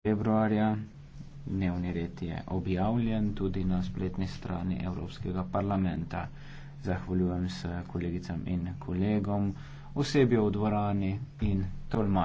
februarja. Dnevni red je objavljen tudi na spletni strani Evropskega parlamenta. Zahvaljujem se kolegicam in kolegom, osebju v dvorani in tolma.